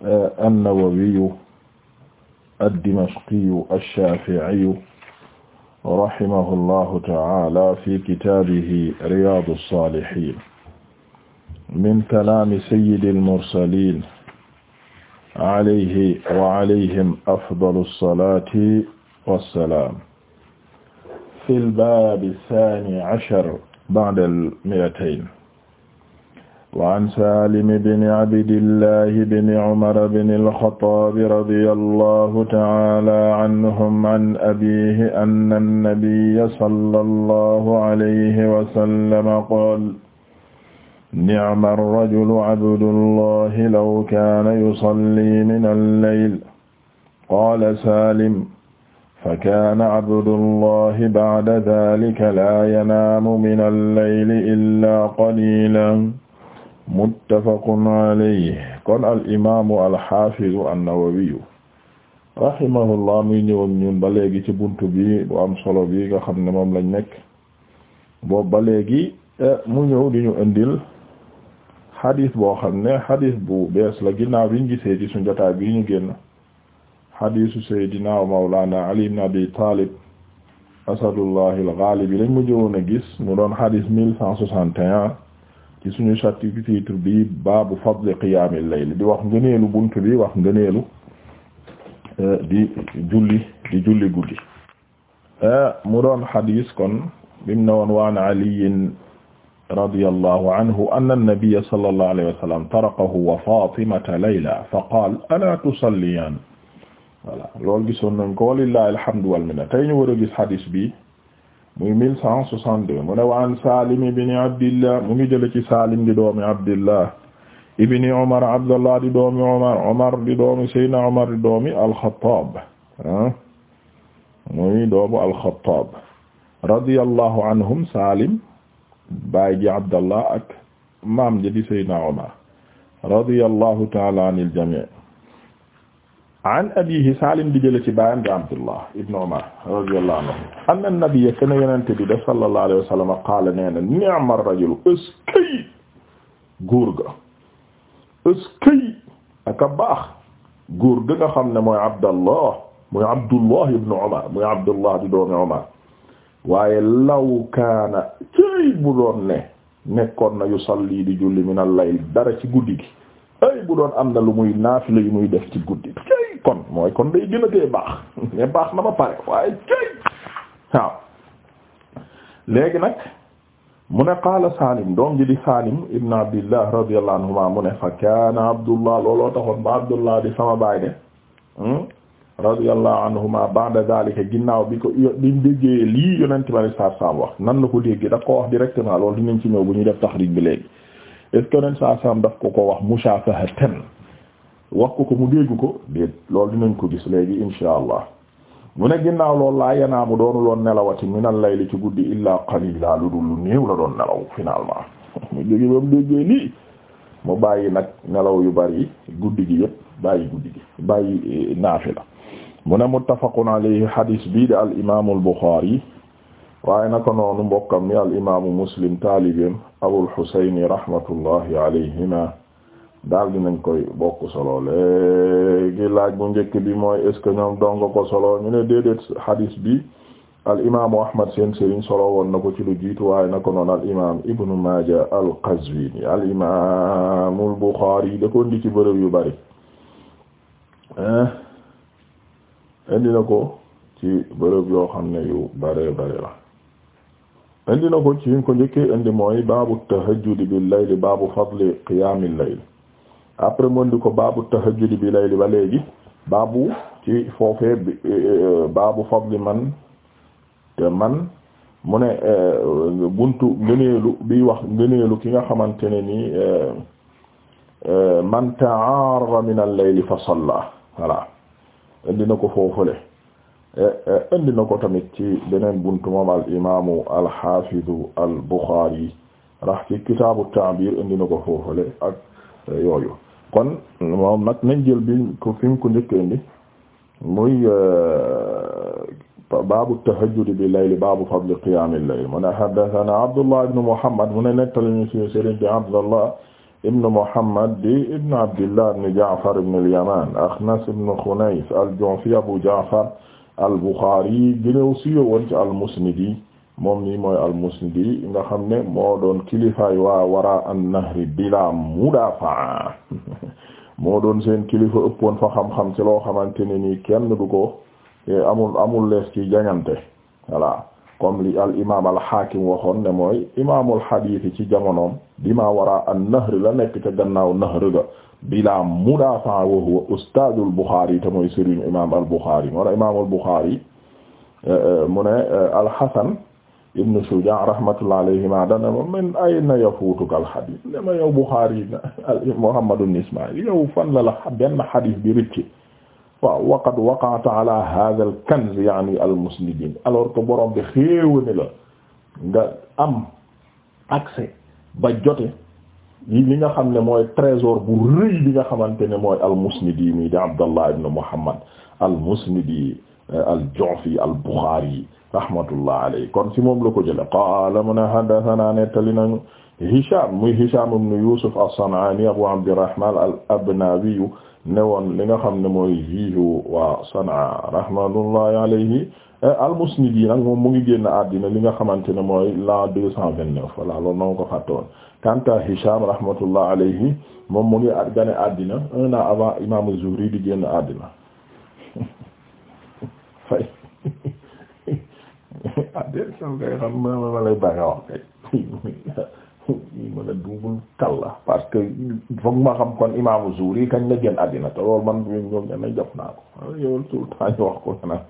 an-Nawawiyu ad-Dimashqiyu ash-Shafi'iyu rahimahullahu ta'ala fi kitaabihi Riyaadu s-Saalihiin min kalaami sayyidil mursaliin alayhi wa alayhim afdalu s-salaati wa s-salaam fil baabi s-saani ashar ba'da l-mi'atayn waan saalim bni abdillahi bni umar bni alxattaabi radiyallahu ta'ala anhum an abiihi anna nabiyya sallallahu alayhi wa sallam qaala ni'ma rajulu abdullahi law kaana yusalli min al-layl qaala saalim fakaana abdullahi ba'da dhaalika laa yanaamu min al-layli illaa qaliilan muttafaqun alayhi kon al imaamu al xaafizu an-nawawiyu rahimahullah muy ñëwam ñun ba léegi ci bunt bi bu am solo bi nga xam ne moom lañ nekk boobu ba léegi eh, mu ñëw di ñu indil xadis boo xam ne xadis bu bees la ginnaaw biñ gisee ci suñu jotaay bi ñu génn xadisu saydina mawlana ali ibn abi talib asadullahi al-ghalib lañ mu jëwoon a gis mu doon xadis mille cent soixante et ci suñu chapitre bi baabu fadli qiyaamil layl di wax ngëneelu bunt bi wax ngëneelu euh, di julli di julli guddi euh, mu doon xadiis kon bim na woon waan aliyin radiyallahu anhu anna an-nabiyya sallallahu alayhi wa sallam tarakahu wa fatimata layla fa qaala alaa tusalliyaan voilà loolu gisoon nañ ko walillahi alhamdu wal minna tey ñu war a gis xadiis bi muy mille cent soixante-deux mu ne wa an Salim ibn Abdillah mu ngi jële ci Salim di doomi Abdillah ibn Umar Abdullah di doomi Umar Umar di doomi Seydina Umar di doomi al-Khattab ah muy doomu al-Khattab radiyallahu anhum Salim baay ji Abdallah ak maam ji di Seydina Umar radiyallahu ta'ala anil jami' an abihi salim di jële ci baayam bi abdullah ibn umar radiyallahu anhu bi def sallallahu alayhi wa sallam nee na ni'ma rajul ëskay góor ga ëskay xam ne mooy abdallah mooy abdullah ibn umar mooy abdullah di doomi umar waaye law kaana cëy bu doon ne nekkoon na yusalli di julli min al layl dara ci guddi gi ay am na lu muy naafila yu muy def ci guddi kon mooy kon day gën a baax ne baax na ba pare waaye cay waaw léegi nag mu ne qaala Saalim doom ji di Saalim ibn Abdillah radiyallahu anhuma mu ne fa kaana Abdullah looloo taxoon ba Abdullah di sama baay de hmm, radiyallahu anhuma ba'da zalika ginnaaw bi ko di déggee lii yonente bari sar sam wax nan la ko déggee daf ko wax directement loolu dinañ ci ñëw bu ñuy def taxriij bi léegi est-ce que sam daf ko ko wax mushafahatan wax ku ko mu dégg ko déet loolu dinañ ko gis léegi insha allah mu ne ginnaaw loolu laa yanaamu doonu loon nelawati minal layli ci guddi illaa qalila lu dul lu néew la doon nelaw finalement mu jóge ba mu déggee lii mu bàyyi nag nelaw yu bari guddi gi yëpp bàyyi guddi gi bàyyi eh, naafila mu ne muttafaqun alayhi hadis bii de al imaamu al Buxaari waaye naka noonu mbokkam mi al imaamu Muslim taalibeem Abul Husayn rahmatullahi alayhima daal nañ koy bokk solo léegi laaj bu njëkk bi mooy est ce que ñoom dong ko solo ñu ne déedéet hadis bi al imaamu Ahmad seen sëriñ solo woon na ko ci lu jiitu waaye na ko noon al imaam Ibnu Maaja al Qazwiini al imaamul Buxaari da ko indi ci bërëb yu bari eh? indi na ko ci bërëb yoo xam ne yu bare bare la indi na ko ci ñu njëkkee indi mooy baabu tahajjudi bil layli baabu fadli qiyaamil layli après mu indi ko baabu tahajjudi bi layli ba léegi baabu ci foofee e, e, e, baabu fadli man te man mu ne buntu ngëneelu bi wax ngëneelu ki nga xamante ne nii man ta'arra min al fa salla voilà indi na ko foofule indi na ko tamit ci beneen buntu moom al imaamu al xaafidu al buxaari rax ci kitaabu ta'biir indi na ko foofule ak yooyu. kon moom nag nañ jël bi ko fi mu ko njëkkee indi muy euh, baabu tahajjud bi layli baabu fadli qiyaamil layl mu ne haddathana Abdullah ibn Muhammad mu ne nettali ñu suñu sëriñ bi Abdullah ibn Muhammad di ibn Abdillah ibn Ja'far ibn al-Yaman Akhnas ibn Khunays al-Ju'fi Abu Ja'far al-Bukhari gënew siiwoon ci al-Musnad moom nii mooy al-Musnidi nga xam ne moo doon kilifaay waa wara an-nahri bila mudaafa moo doon seen kilifa ëppoon fa xam-xam ci loo xamante ne nii kenn du ko e, amul amul lees ci jañante voilà comme li al imaam al Haakim waxoon ne mooy imaamul hadiis ci jamonoom dima wara an-nahri la nekk ca gannaaw nahr ga bila mudaafa wa huwa ustaadul Buxaari te mooy sëriñ imaam al Buxaari moo imaamul Buxaari e, e, mu ne al Hasan ibnu Shujaa rahmatullah alayhima dana ma min ayna yafuutuka alxadiis ne ma yow Buxaari na Muhammad ibn Ismaayil yow fan la la benn xadiis bi rëcc waaw waqad waqa'ta ala hadha al kanz yaani al musnidin alors que borom bi xéewani la nga am accès ba jote yi li nga xam ne mooy trésor bu rëy bi nga xamante ne mooy al musnidi mi di Abdallah ibn Muhammad al musnidi al Ju'fi al Bukhari rahmatullah alayhi kon si moom la ko jële qaala mu ne haddathana nettali Hisham muy Hisham ibn Yusuf as-San'ani Abu Abdirrahman al-Abnawi newoon li nga xam ne mooy juge waa San'a rahmatullahi alayhi al-Musnidi nag moom mu ngi génn àddina li nga xamante ne mooy la deux cent vingt-neuf voilà loolu nanga ko fàttewoon kanta Hisham rahmatullah alayhi moom mu ngi gane àddina un an avant imam Zuhri di génn àddina fay addeet yow kay xam ma ma lay bàyyi wax kay yi mën a duubul kal la parce que foog ma xam kon imaamu Zuhri kañ la génn àddina te loolu man bi ñoom ñenn jàpp naa ko ah, yow tout le temps ñu wax ko xanaa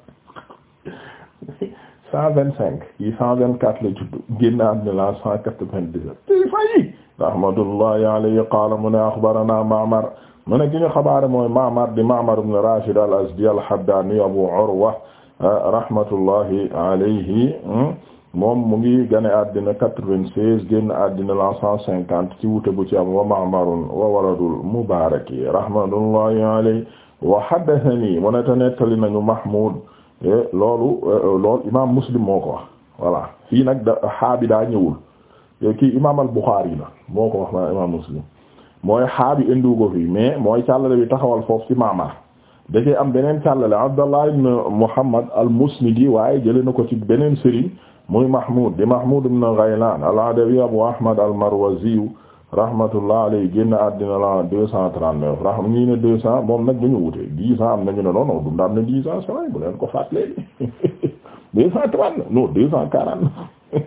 cent vingt cinq yi cent vingt quatre la juddu génn àddina la cent quatre-vingt-dix-sept ti fayi rahmatullahi alayhi qaala mu ne axbarana Ma'mar mu ne gi ñu xabaare mooy Ma'mar di Ma'mar ibn Rashid al-Azdi al-Haddani Abu Urwa rahmatullahi alayhi hmm? moom mu ngi gane addina quatre-vingt-seize génn addina la cent cinquante ci wute bu ci am wa Ma'marun wa waladul Mubaraki rahmatullahi wa haddathani mu ne te nettali nañu Mahmud eh, loolu eh, loolu imaam Muslim moo ko wax voilà fii nag da xaabi daa ñëwul eh, kii imaam al-Bukhari moo ko wax na imaam Muslim mooy xaabi indiwu ko fii mais mooy càllale bi taxawal foofu ci Ma'mar da cee am beneen càllale Abdallah ibn Muhammad al-Musnidi waaye jëlee na ko ci beneen sëriñ muy Mahmoud di Mahmoud ibn Ghaylan al-Adawi Abu Ahmad al-Marwazi rahmatullah alayhi génn àddina la 239 rax ñii ne 200 moom nag dañu wute 10 ans am nañu ne non non dund am na 10 ans c'est vrai bu leen ko fàttalee 230 non 240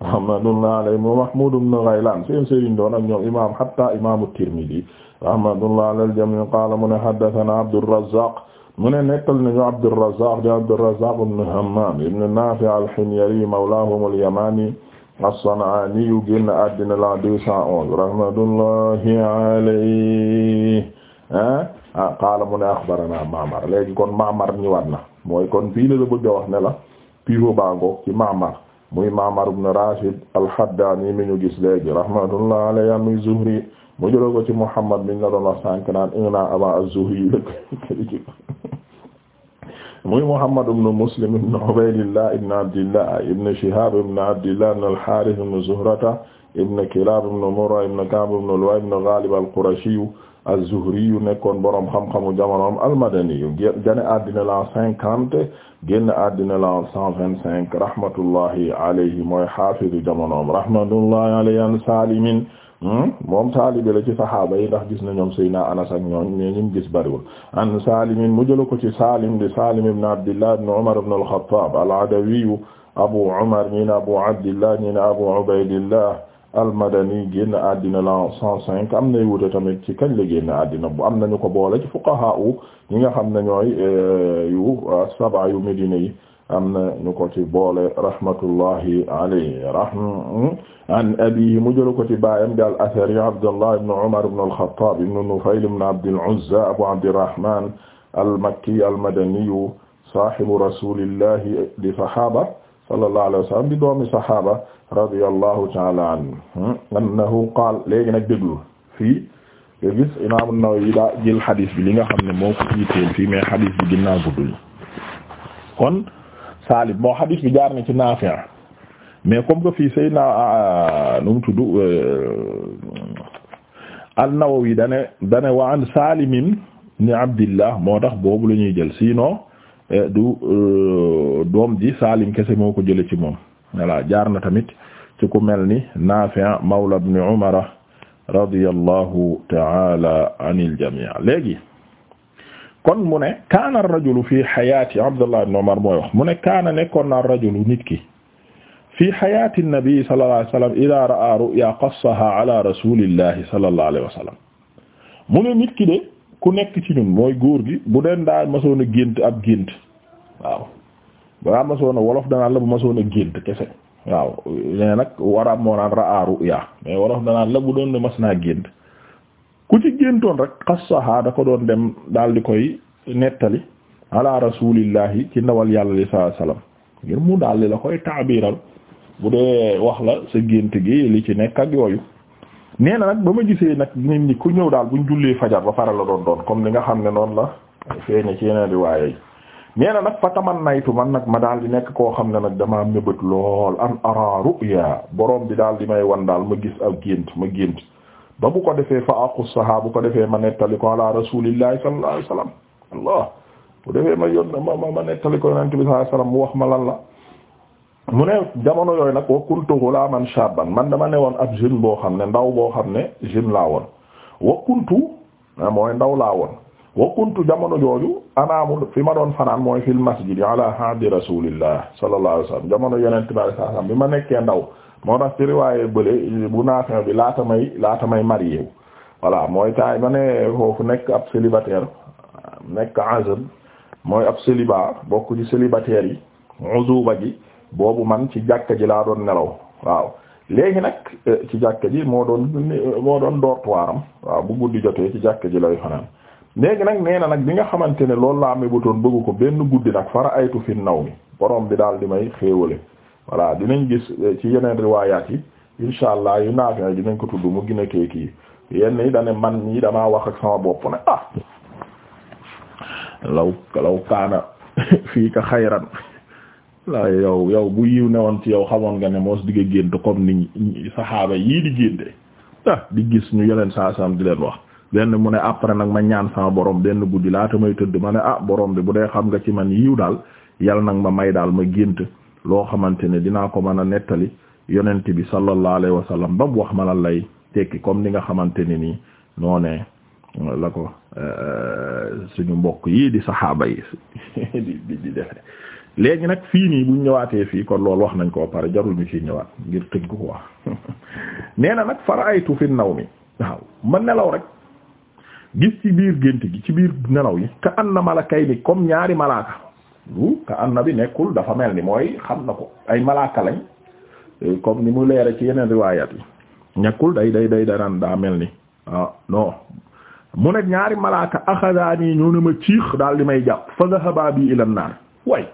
rahmatullah alayhi Mahmoud ibn Ghaylan seen sëriñ doon ak ñoom imaam hatta imaamu Tirmidhi rahmatullah ala al-jamii qaala mu ne haddathana Abdurrazzaq ne nekkal nañu Abdurrazzaq di Abdurrazzaq ibn Hammam ibn al-Himyari mawlahum al-Yamani as-San'ani yu génn àddina la 211 rahmatullahi alayhi ah qaala mu ne akhbarana Ma'mar léegi kon Ma'mar ñëwaat na mooy kon fii la la bëgg a wax ne la pivot bango ci Ma'mar muy Ma'mar ibn Rashid al-Haddani mi ñu gis léegi rahmatullahi alayhi Zuhri mu jëloo ko ci Muhammad bin la doon wax sànq naan un an avant az-Zuhri yi muy Muhammad ibn Muslim ibn Ubaydillah ibn Abdillah ibn Shihab ibn Abdillah ibn al-Harith ibn Zuhrata ibn Kilab ibn Murra ibn Ka'b ibn Lu'ay ibn Ghalib al-Qurashi az-Zuhri yu nekkoon borom xam-xamu jamonoom al-Madani yu génn àddina la cinquante génn àddina la cent vingt-cinq rahmatullahi alayhi mooy hafizu jamonoom rahmatullahi alayhi an Salim Hmm? moom taalibe la ci saxaaba yi ndax gis na ñoom na Anas ak ñooñ mais ñim gis bariwul an Salim mu jëla ko ci Salim di Salim ibn Abdillah ibn Umar ibn al-Khattab al-Adawi Abu Umar ñi ne Abu Abdillah ñi ne Abu Ubaydillah al-Madani génn na la 105 am na wute tamit ci kañ la génn àddina bu am na ñu ko boole ci fuqaha u ñi nga xam ne ñooy eh, yu ah, saba yu Medina yi am na ñu ko ci boole rahmatullahi alayhi rahma hmm? an abiihi mu jël ko ci baayam di al-Athari Abdullah ibn Umar ibn al-Khattab ibn Nufayl ibn Abd al-Uzza Abu Abdirrahman al-Makki al-Madani saahibu rasulillahi di sahaaba sallallahu alayhi wa sallam di doomi sahaaba radiyallahu ta'ala anhu hmm? annahu qaala léegi nag déglu fii nga gis Imaam An-Nawawi daa jël xadis bi li nga xam ne moo ko jiiteel fii mais xadis bi ginnaaw guddul kon Saalib moo xadis bi jaar na ci Naafi' mais comme que fii Seydina ah, ah, nu mu tudd euh, An-Nawawi da wa an Saalim ibn Abdillah moo tax boobu la ñuy jël sinon eh, du euh, doom ji Saalim kese moo ko jëlee ci moom voilà jaar na tamit ci ku mel ni Naafi' mawla ibn Umar radiyallahu ta'ala anil jami' léegi. kon mu ne kaana ar-rajulu fii xayaati Abdullah ibn Umar mooy wax mu ne kaana nekkoon na ar-rajulu nit ki xayaati an-nabi sallallahu alayhi wa sallam idaa ra'aa ru'yaa qassahaa ala rasuulillahi sallallahu alayhi wa sallam mu ne de ku nekk ci ñun mooy góor gi bu den daa masoon a ab gént waaw balaa masoon a wolof danaan la bu masoon a gént kese waaw nee nag waraab moo naan wolof danaan la bu doon ne mas naa ku ci géntoon rek xassaha da ko doon dem daal di koy nettali ala rasulillahi ci ndawal yàlla li sallallahu alayhi wasallam ngir mu daal di la koy taabiral bu dee wax la sa gént gi li ci nekk ak yooyu nee na nag ba ma gisee nag nit ku ñëw daal bu jullee fajar ba pare la doon doon comme li nga xam ne noonu la feeñe ci yeneen riwaaya yi nee na nag fa taman naytu man nag ma daal di nekk koo xam ne nag dama mébét lool an ara ruya borom bi daal di may wan daal ma gis ak gént ma gént ba bu ko defee fa aqu saha bu ko defee ma nettali ko ala rasulillahi sallallahu alayhi wasallam allah bu defee ma yón ma ma nettali ko yonent bi sallallahu mu wax ma lan la mu ne jamono yooyu nag wa kuntu ghulaman shaban man dama ne woon ab jeune boo xam ne ndaw boo xam ne jeune laa woon wa kuntu ah, mooy ndaw laa woon wa kuntu jamono jooju anaamu fi ma doon fanaan mooy fil masjid ala hadi rasulillah sallallahu alaihi wasallam jamono yonent bi sallallahu alaihi wasallam ma nekkee ndaw moo tax ci riwaaye bële bu naafin bi laata may laata may marié voilà mooy taay ma ne foofu nekk ab célibataire nekk azab mooy ab célibat bokk ci célibataire yi uzuba ji boobu man ci jàkka ji laa doon nelaw waaw léegi nag eh, ci jàkka ji moo doon moo doon dortoiram waaw bu guddi jotee ci jàkka ji lay fanaan léegi nag nee na nag bi nga xamante ne loolu laa mébatoon bëgg ko benn guddi nag fara aytu fi naw mi borom bi daal di may xéewale voilà dinañ gis eh, ci yeneen riwaayaat yi insha allah yu naafee dinañ ko tudd mu gën a kii yenn yi dane man ñii damaa wax ak sama bopp ne ah law law kaana fii ka xayran la yow yow bu yiw woon ci yow xamoon nga ne moos digga gént comme ni saxaaba yii di génte ah di gis ñu yeneen saa sam di leen wax benn mu ne après nag ma ñaan sama borom benn guddi laata may tëdd ma ne ah borom bi bu dee xam nga ci man yiw daal yal nag ma may daal ma gént loo xamante ne dinaa ko mën a nettali yonent bi sallallahu alayhi wa sallam ba mu wax ma lan lay tekki comme ni nga xamante ne nii noone la ko euh, suñu mbokk yii di saxaaba yi di nag fii nii buñ ñëwaatee fii kon loolu wax nañ koo pare jarul ñu ci ñëwaat ngir tëgg ko wax nee na nag fara aytu fi naw mi waaw ma nelaw rek gis ci biir gént gi ci biir nelaw yi ka anna malakay ni comme ñaari malaaka lu ka anna bi nekkul dafa mel ni mooy xam na ko ay malaaka lañ euh, comme ni mu leere ci yeneen riwayat yi nekkul day day day danaan daa mel ni ah non mu ne ñaari malaaka yi ñoo ne ma ciix daal di may jàpp fa dhahaba bi ila naar way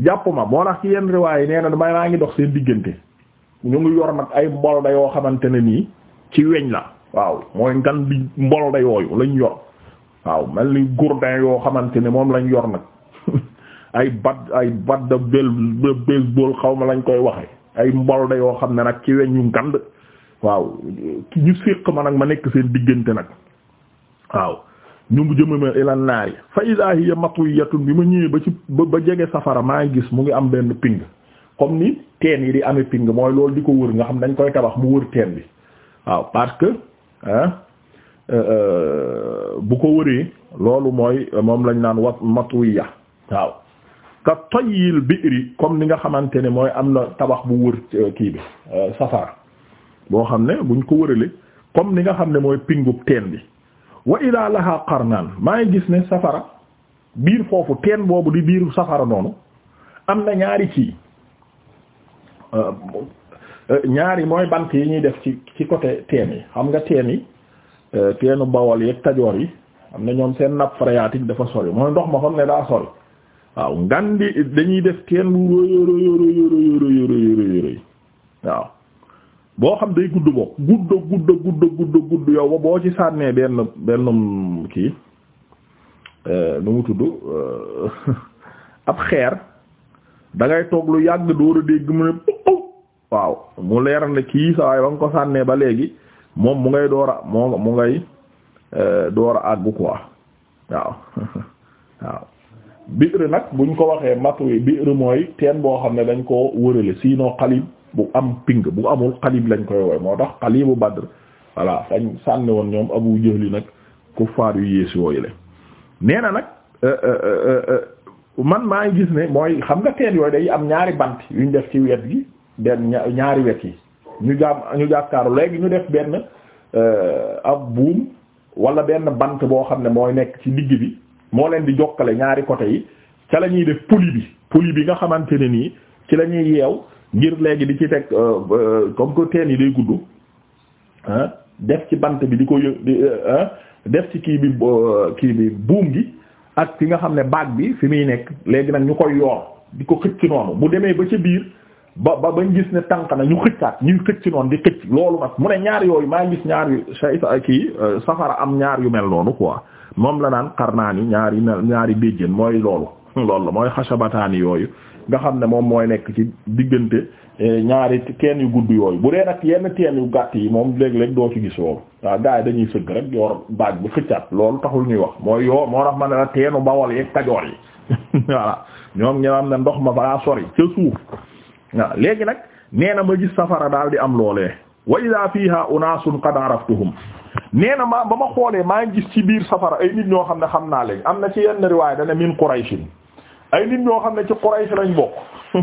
jàpp ma moo tax ci yenn riwaay yi nee na ma maa ngi dox seen diggante ñu ngi yor nag ay mbol da yoo xamante ne nii ci weñ la waaw mooy ngan bi mbolda yooyu lañu yor waaw mel ni gourdin yoo xamante ne moom lañu yor nag ay bad ay bad bel baseball xaw ma lañ koy waxe ay mbolda yoo xam ne nag ci weñu ngand waaw ñu séq ma nag ma nekk seen diggante nag waaw ñu mu jëmama ilan naar yi fa ida hiya matwiyatun bi ma ñëwee ba ci ba jege safara maa ngi gis mu ngi am benn ping comme ni teen yi di amee ping mooy loolu di ko wër nga xam dañ koy tabax mu wër teen bi waaw parce que Euh, euh, bu ko wëree loolu mooy moom lañ naan wat matwiya waaw ka yil bi'ri comme ni nga xamante ne mooy am na tabax bu wër euh, kii bi safara boo xam ne buñ ko wërale comme ni nga xam ne mooy pingub teen bi wa ila laha qarnaan maa ngi gis ne safara biir foofu teen boobu di biiru safara noonu am na ñaari ci ñaari mooy bant yi ñuy def ci ci côté teen yi xam nga teen yi teenu bawol yeeg tajoor yi xam na ñoom seen nappe phréatique dafa sori mooy ndox ma xam ne daa sori waaw ngan di dañuy def teen bu róyóróyóróyóróyóróyóróyóróy waaw boo xam day gudd yow boo ci sànnee benn benn kii nu mu tudd ab xeer da toog lu yàgg door a dégg mu ne waaw mu leeral na kii sa ba nga ko sànnee ba léegi moom mu ngay door a moom mu ngay euh, door a àggu quoi waaw biir nag buñ ko waxee matu biir mooy teen boo xam ne dañ ko wërale sinon xalib bu am ping bu amul xalib lañ koy wooy moo tax xalibu Badr voilà dañ sànni woon ñoom Abu Jahli nag kuffaar yu yéesi wooyule nee na nag euh, euh, man maa ngi gis ne mooy xam nga teen yooyu day am ñaari bant ñu def ci wet gi benn ñaari wet yi ñu jàmm ñu jàkkaaru léegi ñu def benn euh, ab buum wala benn bant boo xam ne mooy nekk ci digg bi moo leen di jokkale ñaari côté yi ca la ñuy def poli bi poli bi nga xamante ne nii ci la ñuy yeew ngir léegi di ci teg euh, euh, comme que teen yi day gudd ah def ci bant bi di ko def ci kii bi kii bi buum gi ak fi nga xam ne baag bi fi muy nekk léegi nag ñu koy yoor di ko xëcc noonu bu demee ba ca biir ba ba bañ gis ne tànk na ñu xëccaat ñuy xëcc di xëcc loolu nag mu ne ñaar yooyu maa ngi gis ñaar yu sayta kii euh, safara am ñaar yu mel noonu quoi moom la naan xarnaani ñaari ñaari béjjén mooy loolu lool la mooy xasabataani yooyu nga xam ne moom mooy nekk ci diggante eh, ñaari teen yu gudd yooyu bu dee nag yenn teen yu gàtt yi moom léeg-léeg doo ci gis loolu waaw gars dañuy sëgg rek yor baaj bu xëccaat loolu taxul ñuy wax mooy yoo moo tax ma ne la teenu bawol ndox ma balaa sori waaw léegi nag nee na ma gis safara daal di am loole wa ida fii unaasun qad araftuhum nee na ma ba ma xoolee maa ngi gis ci biir safara ay nit ñoo xam ne xam naa leen am na ci yenn riwaay dana min qurayshin ay nit ñoo xam ne ci quraysh lañ bokk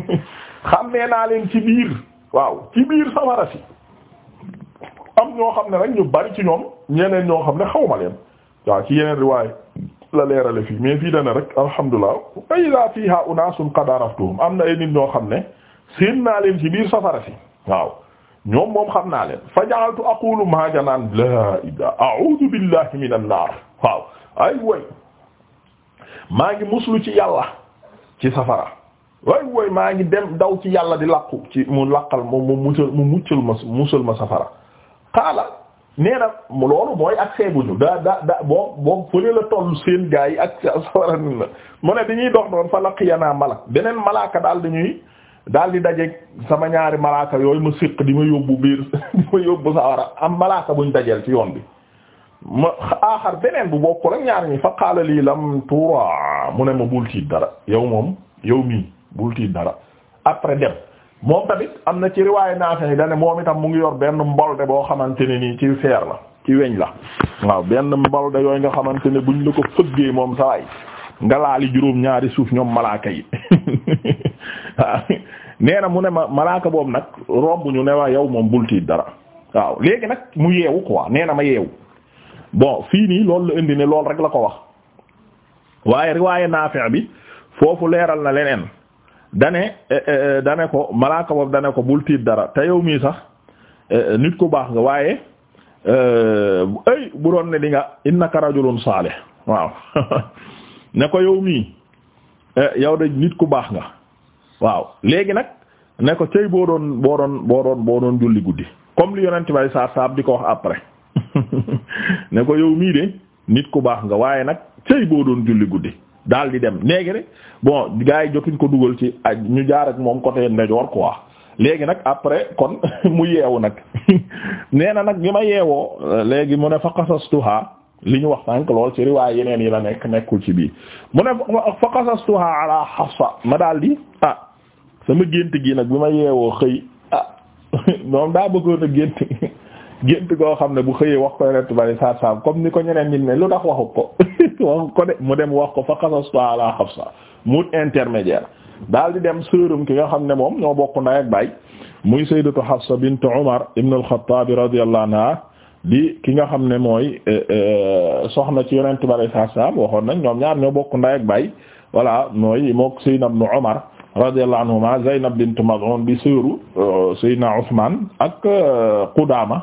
xam naa leen ci biir waaw ci biir safara si am ñoo xam ne rek ñu bari ci ñoom ñeneen ñoo xam ne xawma leen waaw ci yeneen riwaay la leerale fii mais fii dana rek alhamdulilah wa ida fiha unaasun qad araftuhum am na ay nit ñoo xam ne séen naa ci biir safara si waaw ñoom moom xam naa leen fa ja'altu aqulu ma janaan la ila a'udhu billahi minan nar waaw ay way maa ngi muslu ci yàlla ci safara way way maa ngi dem daw ci yàlla di làqu ci mu laqal moom mu muccal mu ma musal ma safara xaala nee na loolu mooy ak seeguñu daa daa daa boo boo fële la toll seen gaa yi ak safara ni na mu ne dañuy dox doon fa laqiyanaa malak beneen malaaka daal dañuy daal di dajeeg sama ñaari malaaka yooyu ma siq di ma yóbbu biir di ma yóbbu sawara am malaaka buñ dajeel ci yoon bi ma aaxar beneen bu bokk rek ñaar ñi fa qaala lii lam tura mu ne ma bul tiit dara yow moom yow mii bul tiit dara après dem moom tamit am na ci riwaayu naafe yi dane moom itam mu ngi yor benn mbolde boo xamante ne nii ci feer la ci weñ la waaw benn mbolde yooyu nga xamante ne buñ la ko fëggee moom saway nga laali juróom ñaari suuf ñoom malaaka yi nee mu ne ma malaaka boobu nag romb ñu ne waa yow moom bul tiit dara waaw léegi nag mu yeewu ko nee na ma yeewu bon fii nii loolu la indi ne loolu rek la ko wax waaye riwaaye Naafi' bi foofu leeral na leneen dane eh, eh, eh, dane ko malaaka boobu dane ko bul tiit dara te yow mii sax nit ku baax nga waaye ay bu doon ne di nga innaka rajulun saalih waaw ne ko yow mii yow de nit ku baax nga waaw léegi nag ne ko cëy boo doon boo doon boo doon boo doon julli guddi comme li yonent bay saar saab di ko wax après ne ko yow mii de nit ku baax nga waaye nag cëy boo doon julli guddi daal di dem léegi rek bon gars yi jotuñ ko dugal ci ak ñu jaar ak moom côté ndejoor quoi léegi nag après kon mu yeewu nag nee na nag bi ma yeewoo euh, léegi mu ne fa qasastuha li ñu wax sànq lool ci riwaay yeneen yi la nekk nekkul ci bii fa ma daal ah sama gént gi nag bi ma yeewoo xëy ah moom daa bëggoon a gént gént koo xam ne bu xëyee wax ko yonent bari saa saam comme ni ko ñeneen ñi ne lu tax waxu ko waxu ko de mu dem wax ko fa xasastu ala Hafsa mut intermédiaire daal di dem sëram ki nga xam ne moom ñoo bokk ndey ak baay muy sayyidatu Hafsa bint Umar ibn al-Khattab radiyallahu anha li ki nga xam ne mooy eh, eh, soxna ci yonent bari saa saam waxoon nañ ñoom ñaar ñoo bokk ndey ak baay voilà mooy mook sayyidna ibn radiyallahu anhuma Zaynab bint Maz'un bi sëru euh, Seydina Usman ak euh, Qudaama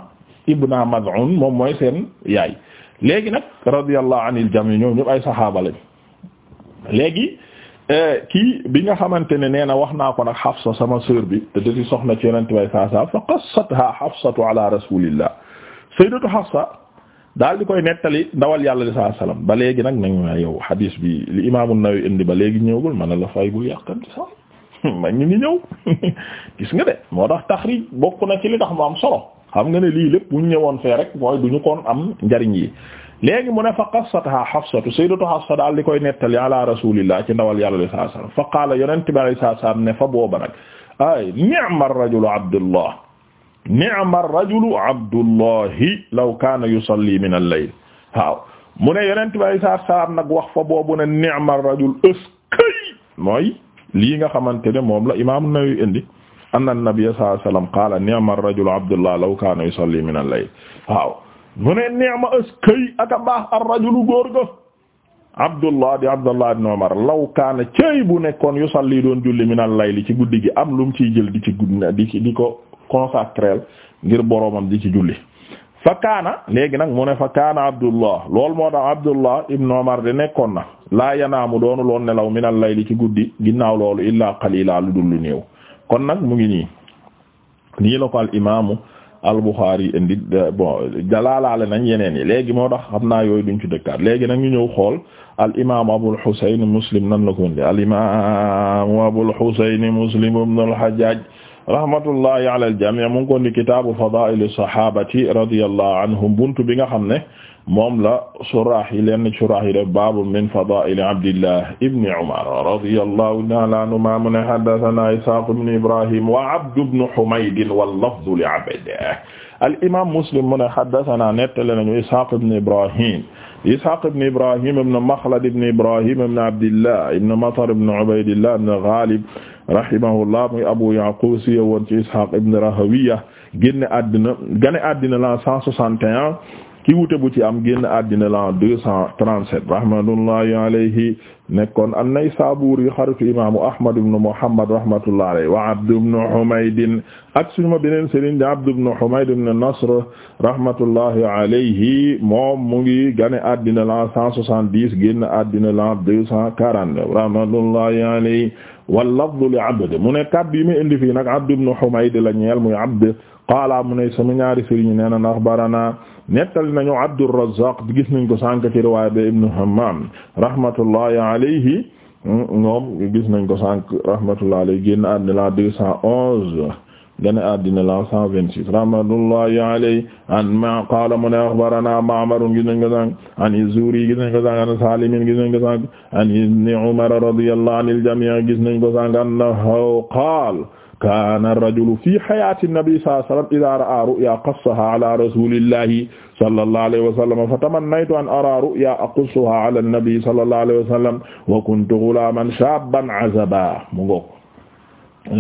ibna Maz'un moom mooy seen yaay léegi nag radiyallahu anil jami ñoom ñëpp ay saxaaba lañ léegi euh, kii bi nga xamante ne nee na wax naa ko nag Hafsa sama sœur bi te dati soxna ci yonent bay saa fa qassatha Hafsatu ala rasulillah sayyidatu Hafsa daal di koy nettali ndawal yàlla li saa salaam ba léegi nag nañ yow hadis bi li imaamu Nawawi indi ba léegi ñëwul man la fay bu yàqante sax man ñu ngi ñëw gis nga de moo tax taxriij bokk na ci li tax mu am solo xam nga ne lii lépp bu ñu ñëwoon fee rek mooy du ñu koon am njariñ yi léegi mu ne fa qassataha Hafsatu sayyidatu Hafsa daal li koy nettali ala rasulillah ci ndawal yàlla sallallahu alayhi wasallam fa qaala yonent bi sallallahu alayhi wasallam ne fa booba nag ay ni'ma ar-rajulu Abdullah ni'ma ar-rajulu Abdullahi law kaana yusalli min al-layl waaw mu ne yonent bi sallallahu alayhi wasallam nag wax fa boobu ne ni'ma ar-rajul ëskay mooy lii nga xamante ne moom la imaam Nawawi indi anna nabiyya sallallahu alayhi wasallam qaala ni'ma ar-rajulu Abdullah law kaana yusalli min al waaw mu ne ni'ma askay aka baax ar-rajulu ga Abdullah di Abdullah ibn Umar law kaana cëy bu nekkoon yusalli doon julli min al-layli ci guddi gi am lu mu ciy jël ci guddi di ci di ko consacrer ngir boroomam di ci julli fa kaana léegi nag mu ne fa kaana Abdullah loolu moo tax Abdullah ibn Umar di nekkoon na laa yanaamu doonu loon nelaw minal layli ci guddi ginnaaw loolu illaa qalila lu dul lu néew kon nag mu ngi nii nii la ko al imaamu al Bukhari indi bon jalaalaale nañ yeneen yi léegi moo tax xam naa yooyu duñ ci dëkkaat léegi nag ñu ñëw xool al imaamu Abul Husayn Muslim nan la ko indi al imaamu Abul Husayn Muslim ibn al Hajjaj rahmatullahi ala al-jami' mu ngi ko ni kitaabu fadaa'il as-sahaabati radiyallahu anhum buntu bi nga xam ne moom la surah yi leen surah yi def baabu min fadaa'il Abdillah ibn Umar radiyallahu ta'ala anhumaa mu ne haddathanaa Ishaaq ibn Ibrahim wa Abd ibn Humayd wal lafzu li Abd al-imaam Muslim mu ne haddathanaa nettali nañu Ishaaq ibn Ibrahim Ishaaq ibn Ibrahim ibn Makhlad ibn Ibrahim ibn Abdillah ibn Matar ibn Ubaydillah ibn Ghalib rahimahullah muy Abu Yaqub si woon Ishaq ibn Rahawiya génn àddina gane àddina la 161 ki wute bu ci am génn àddina la 237 rahmatullahi alayhi nekkoon an-Naysaburi xaritu imaamu Ahmad ibn Muhammad rahmatullahi alayhi wa Abd ibn Humayd ak ma beneen sëriñ Abd ibn Humayd ibn Nasr rahmatullahi alayhi moom mu ngi gane àddina la 170 génn àddina la 249 rahmatullahi alayhi wal lafdu li abd mu ne kaddu yi muy indi fii nag Abd ibn Humayd la ñeel muy abd qaala mu ne sama ñaari sëriñ nee na axbarana nettali nañu Abdurrazzaq gis nañ ko sànq ci riwaaya bi Ibn Hammam rahmatullahi alayhi moom mm, gis nañ ko sànq rahmatullahi alayhi génn àddina la deux cent onze gane addina la 126 rahmatullahi alayhi an ma qaala mu ne akhbarana Ma'mar gis nañ ko sànq an Zuhri gis nañ ko sànq an Salim gis nañ ko sànq an Ibn Umar radiyallahu anil jami' gis nañ ko sànq annahu qaala kaana ar-rajulu fii hayaati nabi sallallahu alayhi wa sallam idhaa ra'aa ru'yaa qassahaa 'alaa rasuulillahi sallallahu alayhi wa sallam fatamannaytu an araa ru'yaa aqussuhaa 'alaa an-nabi sallallahu alayhi wa sallam wa kuntu ghulaaman shaabban 'azabaa mu ngoog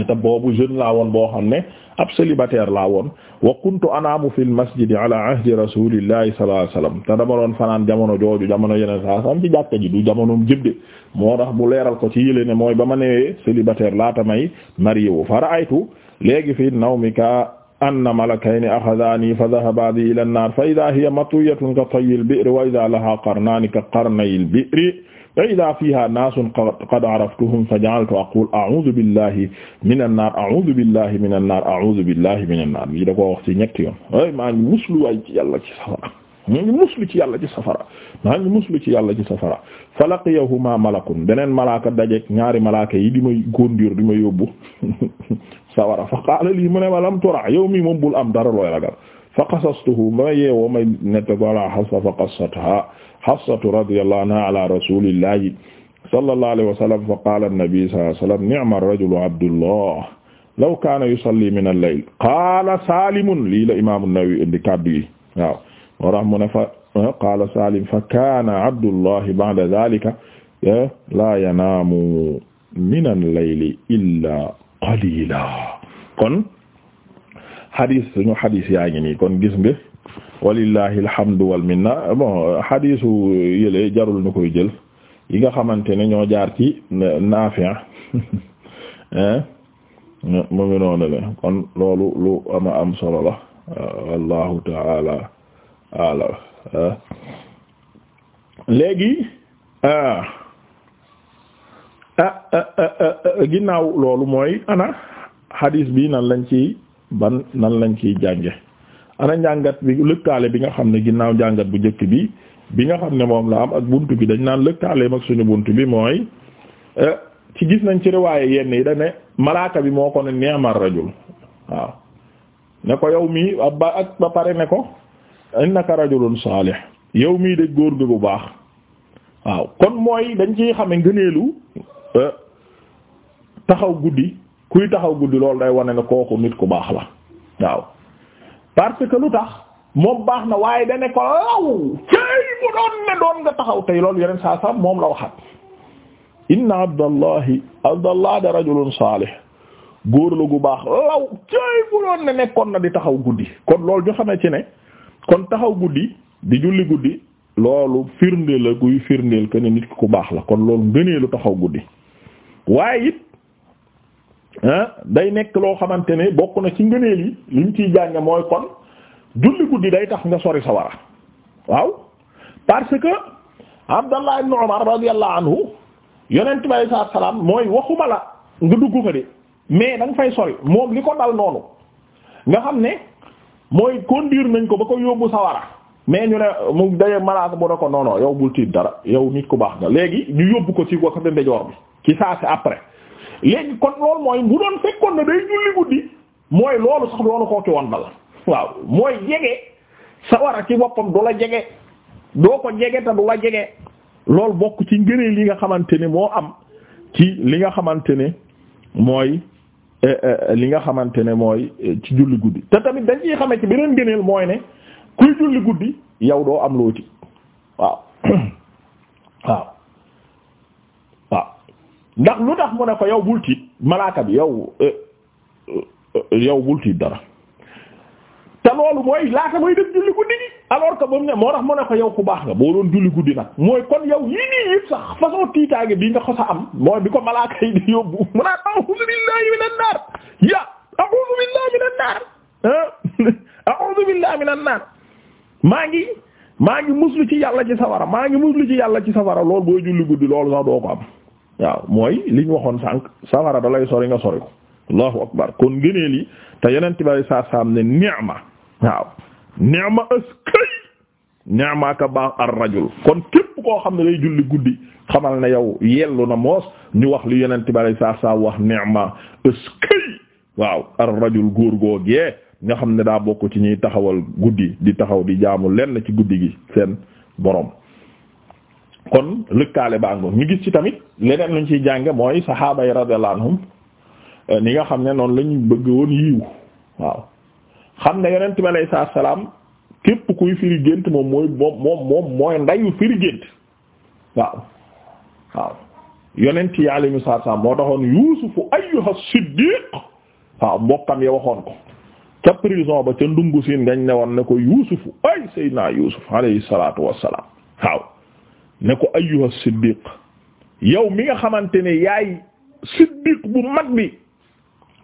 te boobu jeune laa woon boo xam ne ab célibataire laa woon wa kuntu anaamu fil masjidi ala ahdi rasulillahi sallallahu alayhi wasallam te dama doon fanaan jamono jooju jamono yeneen saa sam ci jàkka ji du jamonoom jëbde moo tax bu leeral ko ci yële ne mooy ba ma newee célibataire laata may marié wu fa ra'aytu léegi fii nawmika anna malakayni axadaani fa dhahaba bi ila an-naar fa idha hiya matwiyatun ka tayil bi'r wa idha laha qarnaani ka qarnayil bi'r fa ida fiha nasun qad araftuhum fa ja'altu aqul a'udhu billahi minan nar a'udhu billahi minan nar a'udhu billahi minan nar lii da koo wax ci ñetti yoon ay maa ngi muslu waay ci yàlla ci safara maa ngi muslu ci yàlla ci safara maa ngi muslu ci yàlla ci safara fa laqiyahuma malakun beneen malaaka dajeek ñaari malaaka yi di may góndir di ma yóbbu sawara fa qaala lii mu ne ma lam tura yow mi moom bul am dara looy ragal fa qasastuhu ma yeewoo may netta ko ala Hafsa fa qassatha Hafsatu radiyallahu anha ala rasulillahi sallallahu alayhi wa sallam fa qaala an-nabi sallallahu alayhi wa sallam ni'ma ar-rajulu Abdullah law kaana yusalli min al-layl qaala Saalimun lii la imaamu Nawawi indi kàddu yi waaw warax mu ne fa eh, qaala Saalim fa kaana Abdullah ba'da dhaalika eh, laa yanaamu min al-layli illaa qaliilaa kon xadis suñu xadis yaa ngi nii kon gis nga walillahi alhamdu wal minna bon xadiisu yële jarul ñu koy jël yi nga xamante ne ñoo jaar ci Naafi' mu ngi noonu le kon loolu lu ama am solo la wallahu taala ala léegi ah. Ah, ah, ah ginnaaw loolu mooy ana xadiis bi nan lañ ci ban nan lañ ciy jànge ana njàngat bi lëkkaale bi nga xam ne ginnaaw njàngat bu njëkk bi bi nga xam ne moom la am ak bunt bi dañ naan lëkkaale ak suñu bunt bi mooy eh, ci gis nañ ci riwaaye yenn yi da ne malaaka bi moo ko ne ni'mar rajul waaw ne ko yow mii ba ba pare ne ko innaka rajulun salih yow mii de góor gi bu baax waaw kon mooy dañ ciy xame ngëneelu eh, taxaw guddi kuy taxaw guddi loolu day wane ne kooku nit ku baax la waaw parce que lu tax moom baax na waaye da dane ko law cay mu doon ne doon nga taxaw tey loolu yeneen saa saa moom la waxat inna abdallahi abdallah da rajulun salih góor la gu baax law cay mu doon ne nekkoon na di taxaw guddi kon loolu ñu xamee ci ne kon taxaw guddi di julli guddi loolu firnde la guy firndeel que nit ku baax la kon loolu ngënee lu taxaw guddi waaye it day nekk loo xamante ne bokk na ci ngëneel yi liñ ciy jàng mooy kon julli guddi day tax nga sori sa wara waaw parce que Abdallah ibn Umar radiyallahu anhu yonent bi alayhi salaam mooy waxuma la nga dugg ko de mais da nga fay sori moom li ko dal noonu nga xam ne mooy conduire nañ ko ba ko yóbbu sawara mais ñu ne mu daje malaaka bu ne ko non non yow bul tiit dara yow nit ku baax nga léegi ñu yóbbu ko ci wakate ndejoor bi ci saa si après léegi kon loolu mooy bu doon fekkoon ne day julli guddi mooy loolu sax doonu ko ci woon dal waaw mooy jege sawara ci boppam du la jege doo ko jege te du la jege loolu bokk ci ngënee li nga xamante ne moo am ci li nga xamante ne mooy eh, eh, li nga xamante ne mooy eh, ci julli guddi te tamit dañ ciy xamee ci beneen ngëneel mooy ne kuy julli guddi yow doo am looti waaw ndax lu tax mu ne ko yow bul tiit malaaka bi yow eh, eh, yow bul tiit dara te loolu mooy laata mooy def julli guddi moo tax mu ne ko yow ku baax nga boo doon julli guddi nag mooy kon yow yii nii yëpp sax façon tiitaange bii nga xos am mooy bi ko malaaka yi di yóbbu mu naan a'udhu billahi minan ya a'udhu billahi minan ah, maa ngi maa ngi muslu ci yàlla ci sawara maa ngi muslu ci yàlla ci sawara loolu booy julli guddi loolu sax doo ko am waaw mooy li ñu waxoon sànq safara da lay sori nga sori ko allahu akbar kon ngëneel yi te yeneen tibaay saa saam ne ni'ma waaw ni'ma askay ni'ma ka baax ar rajul kon képp koo xam ne day julli guddi xamal ne yow yellu na moos ñu wax li yeneen tibaay saa saam wax ni'ma askay waaw ar góor googee nga xam ne daa bokk ci ñuy taxawal guddi di taxaw di jaamu lenn ci guddi gi seen boroom kon lëkkaale bango ñu gis ci tamit leneen luñ ciy jànge mooy sahaaba yi radiyallahu anhum euh, ni nga xam ne noonu lañuy bëgg woon yiw waaw xam ne yonent bi alayhi salaatu salaam képp kuy firi gént moom mooy moom moom moom mooy ndayu firi gént waaw waaw yonent yi alayhi salaatu salaam moo taxoon yuusufu ayyuha siddiq waaw mbokkam ya waxoon ko ca prison ba ca ndungu siin ngañ ne ne ko yuusufu ay sayyidina yuusuf alayhi salaatu wassalaam waaw ne ko ayyuha siddiq yow mi nga xamante ne yaay siddiq bu mag bi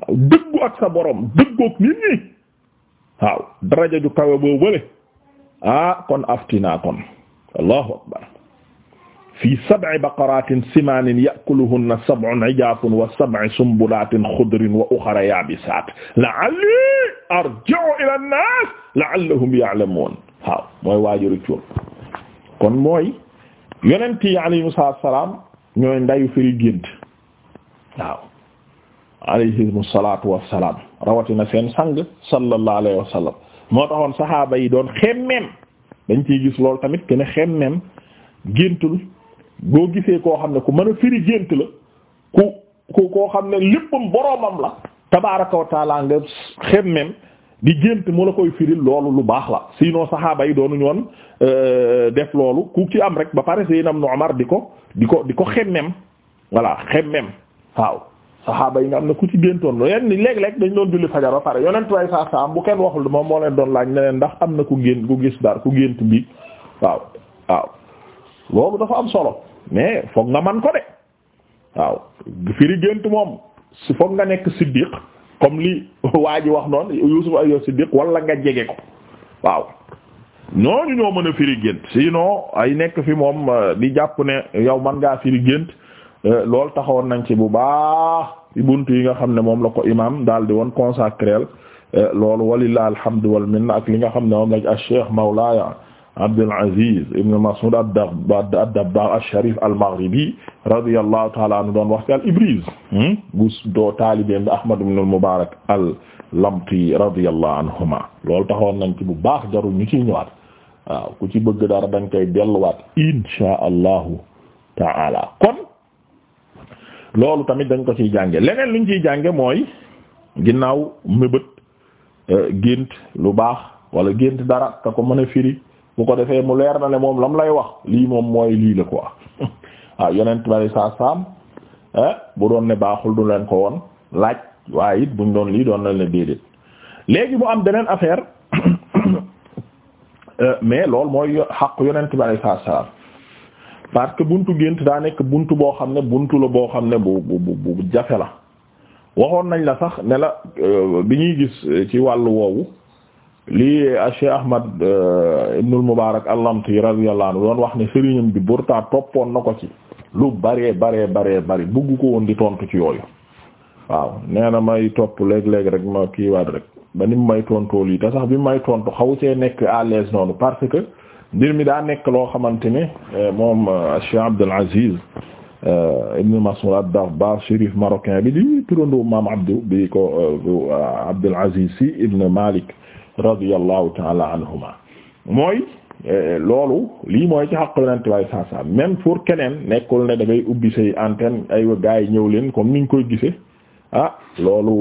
waaw dëggu ak sa borom dëggook nit ñi waaw daraja ju kawe boo bële ah kon aftinaa kon allahu akbar fi sab'i baqaratin simaanin ya'kuluhunna sab'un 'ijaafun wa sab'i sumbulaatin xudrin wa uxara yaabisaat la'allii arji'u ila an-naas la'allahum ya'lamuun waaw mooy waajur cuur kon mooy yonent yi alayhimu salaam ñooy ndayu firi gént waaw alayhimu salaatu wassalaam rawatina seen sang sallallahu alayhi wa sallam moo taxoon saxaaba yi doon xemmeem dañ ciy gis lool tamit que ne xemmeem géntul boo gisee koo xam ne ku mën a firi gént la ku ku koo xam ne léppam boroomam la tabaaraka wa nga xemmeem di gént mu la koy firil loolu lu baax la sinon saxaaba yi doonuñu woon euh, def loolu ku ci am rek ba pare Seydina Ibn Umar di ko di ko di ko xemmem voilà xemmem waaw saxaaba yi nga am ne ku ci géntoon yenn léeg-léeg dañ doon julli fajar ba pare yonent way saa saa am bu kenn waxul moom moo leen doon laaj ne leen ndax am na ku génn ku gis dara ku gént bi waaw waaw loolu dafa am solo mais foog nga man ko de waaw firi gént moom si foog nga nekk siddiq comme li waa ji wax noonu Yuusuf ayo Siddiq wala nga jege ko waaw ñooñu ñoo mën a firi gént sinon ay nekk fi moom euh, di jàpp ne yow man ngaa firi gént euh, loolu taxawoon nañ ci bu baax ci bunt yi nga xam ne moom la ko imam daal di woon consacré euh, loolu walilah alhamdu wal minna ak li nga xam ne moom la ci Cheikh Mawlaaya Abdul Aziz ibn Mas'ud ad-Dabbagh ash-Sharif al-Maghribi radiyallahu ta'ala anhu doon wax ci al-Ibriz hmm, bu doo taalibeem bi Ahmad ibn al-Mubarak al-Lamti radiyallahu anhuma loolu taxoon nañ ci bu baax jarul ñu ciy ñëwaat waaw ku ci bëgg dara dañ koy delluwaat insha allahu ta'ala kon loolu tamit dañ ko ciy jànge leneen luñ ciy jànge mooy ginnaaw mébët euh, gént lu baax wala gént dara ka ko mën a firi bu ko defee mu leer na le moom lam lay wax lii moom mooy lii la quoi waaw yonent bari saa eh, bu doon ne baaxul du leen ko woon laaj waaye it buñ doon lii doon ne leen déedéet léegi mu am beneen affaire eh, mais loolu mooy xaq yonent bari saa saam parce que buntu gént daa nekk buntu boo xam ne buntu la boo xam ne bu bu bu jafe la waxoon nañ la sax ne la euh, bi ñuy gis ci wàll woowu lii Cheikh Ahmad euh, ibnul Mubarak al-Lamti radiyallahu anhu doon wax ni sëriñam bi pourtant toppoon na ko ci lu bëree baree baree bëri bugg ko woon di tontu ci yooyu waaw nee na may topp léeg-léeg rek ma kiiwaat rek ba ni mu may tontool yi te sax bi may tontu xaw see nekk à l'aise noonu parce que mbir mi daa nekk loo xamante ne euh, moom euh, Cheikh Abdul Aziz ibn Mas'ud ad-Darbar chérif marocain bi di turandoo maam Abdou bi ko Abdul Aziz si ibn Malik radiyallahu taala anhuma mooy eh, loolu lii mooy ci xaq yonent way saa saa même pour keneen nekkul ne da ngay ubbi say antenne ay gars yi ñëw leen comme niñ koy gise ah loolu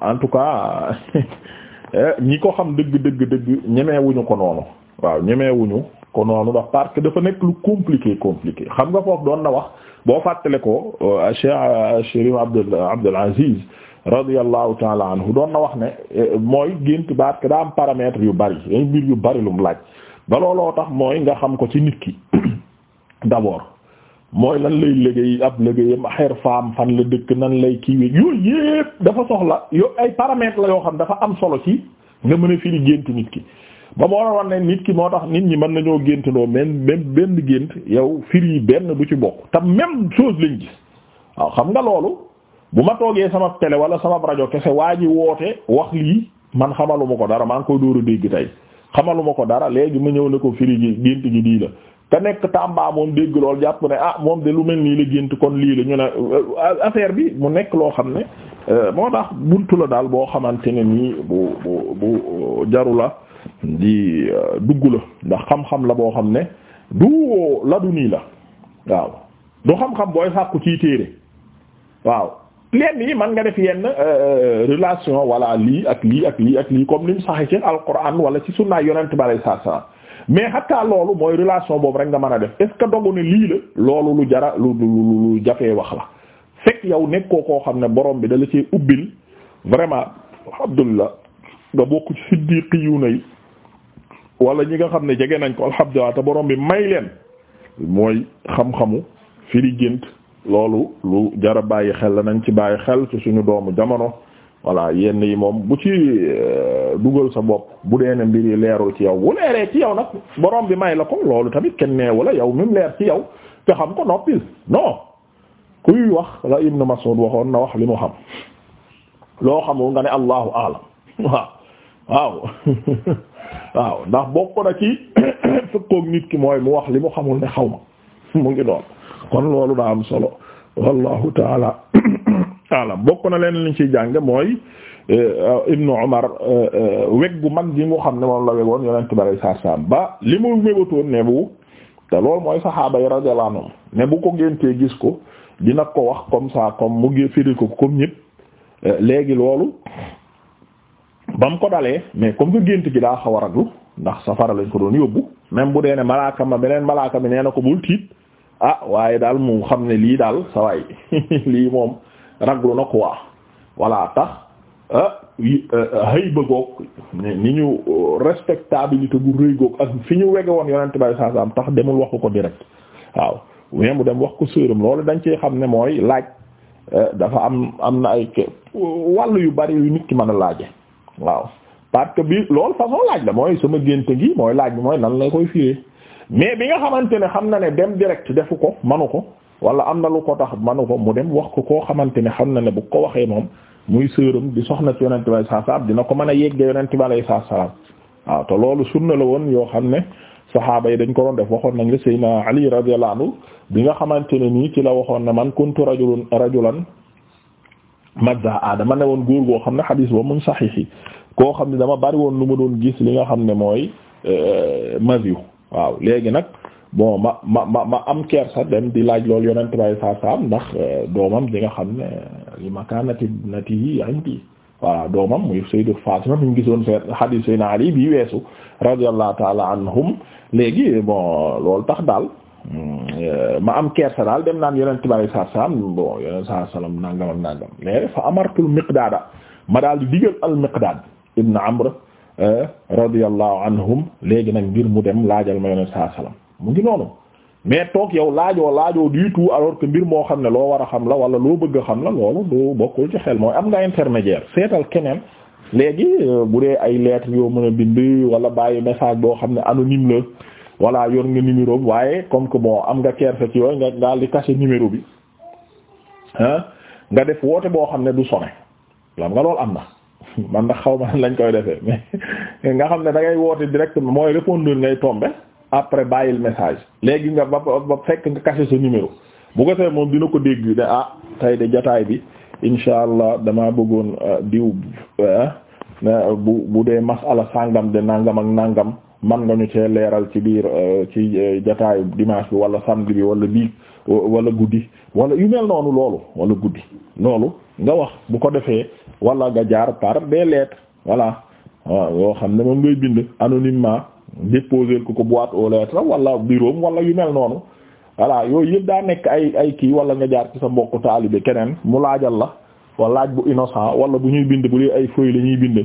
en tout cas eh, ñi ko xam dëgg dëgg dëgg ñemewuñu ko noonu waaw ñemewuñu ko noonu ndax parce que dafa nekk lu compliqué compliqué xam nga foofu doon na wax boo fàttale ko euh, Cheikh Chérif Abdul Abdul Aziz radiyallahu taala anhu doon na wax ne eh, mooy gént baat ke daa am paramètres yu bari ay mbir yu bari lum laaj ba looloo tax mooy nga xam ko ci nit ki d'abord mooy lan lay liggéey ab liggéeyam xeer faam fan la dëkk nan lay kiiwee yooyu yëpp dafa soxla yo ay paramètres la yoo xam dafa am solo ci nga mën a firi gént nit ki ba moo la wax nit ki moo tax nit ñi mën nañoo géntandoo même même benn gént yow firi yi benn du ci bokk te même chose lañ gis waaw xam nga loolu bu ma toogee sama télé wala sama rajo kese waa ji woote wax lii man xamaluma ko dara maa ngi koy dóor a dégg tey xamaluma ko dara léegi ma ñëw ne ko firi gi gént gi dii la te nekk Tamba moom dégg lool jàpp ne ah moom de lu mel nii la gént kon lii la ñu ne euh, affaire bi mu nekk loo xam ne euh, moo tax buntu la daal boo xamante ne nii bu bu bu euh, jaru la di dugg la ndax xam-xam la boo xam ne du la du nii la waaw du xam-xam booy sàkku ciy téere waaw lenn yi man nga def yenn euh, euh, relation wala lii ak lii ak lii ak lii comme ni mu saxee ci alquran wala ci sunnaay yonent balay saa saa mais xataa loolu mooy relation boobu rek nga mën a def est que dogu ne lii la loolu lu jara lu lu lu jafee wax la fekk yow nekkoo koo xam ne borom bi dala cee ubbil vraiment alhamdulilah nga bokk ci siddiqiyuuna yi walla ñi nga xam ne jege nañ ko alhamdulilah te borom bi may leen mooy xam-xamu firi gént loolu lu jara bàyyi xel la nañ ci bàyyi xel ci suñu doomu jamono voilà yenn yi moom bu ci euh, dugal sa bopp bu dee ne mbir yi leerul ci yow bu leeree ci yow nag borom bi may la ko loolu tamit kenn neewu la yow mimu leer ci yow te xam ko noppil non kuy wax la Ibn Mas'ud waxoon na wax li mu xam loo xamul nga ne allahu alam waaw waaw waaw ndax bokk na ci fëkkoog nit ki mooy mu wax li mu xamul ne xaw ma mu ngi doon kon loolu daa am solo wallahu taala alam bokk na leen liñ ci jàng mooy eh, eh, ibnu umar eh, weg bu mag gi mu xam ne moom la wegoon yonent bare sarsam ba li mu mébatoon ne bu te lool mooy saxaaba yi radiyallahu anhum ne bu ko géntee gis ko dina ko wax comme ça comme mu ko comme ñëpp léegi loolu ba ko dalee mais comme gént gi daa xaw a raglu ndax safara lañ ko doon yóbbu même bu dee ne malaaka ma beneen malaakam mi nee na ko bul tiit ah waaye daal mu xam ne lii daal sa lii moom raglu na quoi voilà tax ah xëy ah, bëggoog ni ñu euh, respectabilité bu rëy ak fi ñu wege woon yonent bay am tax demul waxu ko direct waaw mais mu dem wax ko sëram loolu dañ ci xam ne mooy laaj euh, dafa am am na ay wàll yu bari yu nit ki mën a laaj waaw parce que bi loolu façon laaj la mooy sama gént gi mooy laaj bi mooy nan la koy firee mais bi nga xamante ne xam na ne dem direct defu ko manu ko wala am na lu ko tax manu ko mu dem wax ko koo xamante ne xam na ne bu ko waxee moom muy sëram di soxna ci yonent bi sallallahu alayhi dina ko mën a yegg yonent bi sallallahu alayhi wasallam waaw te loolu sunna la woon yoo xam ne saxaaba yi dañ ko doon def waxoon nañ la Seydina Ali radiyallahu anhu bi nga xamante ne nii ci la waxoon ne man kuntu rajulun rajulan madda daa dama ne woon góor goo xam ne xadiis ba mun saxiix yi koo xam ne dama bari woon lu ma doon gis li nga xam ne mooy euh, maziw waaw léegi nag bon ma ma ma ma am kersa dem di laaj lool yonent bay saa saam ndax euh, doomam di xam ne li makaanati nati yi indi voilà doomam muy Sayyidu Fatima mi ñu gisoon seen hadith Sayyidina Ali bi weesu radiyallahu ta'ala anhum léegi bon loolu tax daal hmm, ma am kersa daal dem naan yonent bi saa saam bon yonent saa salaam nangam ak nangam léegi fa amartul miqdaada ma daal di digal al miqdaad ibn Amr Eh, radiyallahu anhum léegi nag ngir mu dem laajal ma yonent saa mu ngi noonu mais toog yow laajoo laajoo du tout alors que mbir moo xam ne loo war a xam la wala loo bëgg a xam la loolu doo bokkul ci xel mooy am nga intermédiaire seetal keneen léegi euh, bu dee ay lettres yoo mën a bind wala bàyyi message boo xam ne anonyme la voilà yor nga numéro bi waaye comme que bon am nga kersa ci yooyu nga daal di cacher numéro bi nga def woote boo xam ne du sonné lam nga am na. man nag xaw ma lañ koy defee nga xam ne da ngay woote direct mooy répondeur ngay tomber après bàyyil message léegi nga ba ba fekk nga caché sa numéro bu ko moom dina ko dégg ne ah tey de jataay bi incha allah damaa bëggoon euh, diw euh, bu bu dee masala sàngam de nangam ak nàngam man nga ñu cee leeral ci biir euh, ci jotaayu dimanche bi wala samedi bi wala biig wala guddi wala yu mel noonu loolu wala guddi loolu nga wax bu ko defee. wala nga jaar par des lettres voilà waaw yoo xam ne moom ngay bind anonymement déposer ko ko boîte aux lettres wala bureau wala yu mel noonu voilà yooyu yëpp daa nekk ay ay kii wala nga jaar ci sa mbokku taalibe keneen mu laajal la wala laaj bu innocent wala bu ñuy bind bu dee ay feuille la ñuy bind